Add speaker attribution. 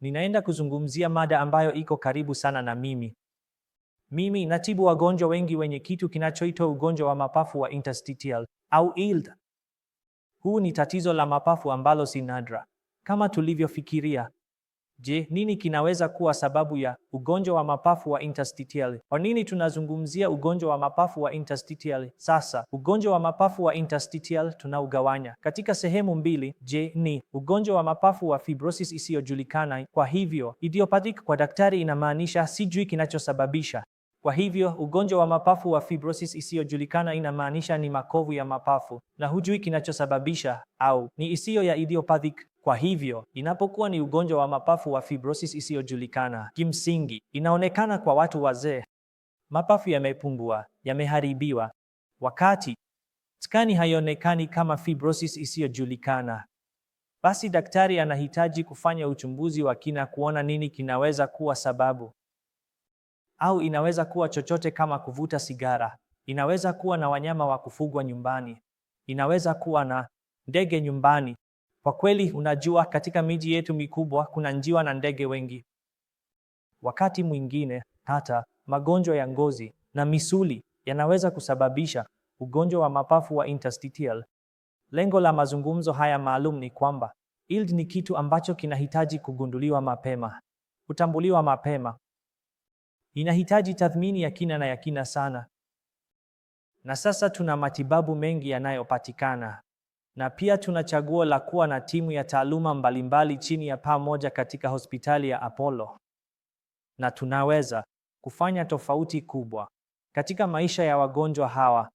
Speaker 1: Ninaenda kuzungumzia mada ambayo iko karibu sana na mimi. Mimi natibu wagonjwa wengi wenye kitu kinachoitwa ugonjwa wa mapafu wa interstitial au ILD. Huu ni tatizo la mapafu ambalo si nadra kama tulivyofikiria. Je, nini kinaweza kuwa sababu ya ugonjwa wa mapafu wa interstitial? Kwa nini tunazungumzia ugonjwa wa mapafu wa interstitial? Sasa, ugonjwa wa mapafu wa interstitial tunaugawanya katika sehemu mbili. Je, ni ugonjwa wa mapafu wa fibrosis isiyojulikana, kwa hivyo idiopathic kwa daktari inamaanisha sijui kinachosababisha. Kwa hivyo ugonjwa wa mapafu wa fibrosis isiyojulikana inamaanisha ni makovu ya mapafu na hujui kinachosababisha, au ni isiyo ya idiopathic kwa hivyo inapokuwa ni ugonjwa wa mapafu wa fibrosis isiyojulikana, kimsingi inaonekana kwa watu wazee, mapafu yamepungua, yameharibiwa, wakati skani haionekani kama fibrosis isiyojulikana. Basi daktari anahitaji kufanya uchunguzi wa kina kuona nini kinaweza kuwa sababu, au inaweza kuwa chochote kama kuvuta sigara, inaweza kuwa na wanyama wa kufugwa nyumbani, inaweza kuwa na ndege nyumbani kwa kweli, unajua katika miji yetu mikubwa kuna njiwa na ndege wengi, wakati mwingine hata magonjwa ya ngozi na misuli yanaweza kusababisha ugonjwa wa mapafu wa interstitial. Lengo la mazungumzo haya maalum ni kwamba ILD ni kitu ambacho kinahitaji kugunduliwa mapema, kutambuliwa mapema. Inahitaji tathmini ya kina na ya kina sana. Na sasa tuna matibabu mengi yanayopatikana na pia tuna chaguo la kuwa na timu ya taaluma mbalimbali chini ya paa moja katika hospitali ya Apollo, na tunaweza kufanya tofauti kubwa katika maisha ya wagonjwa hawa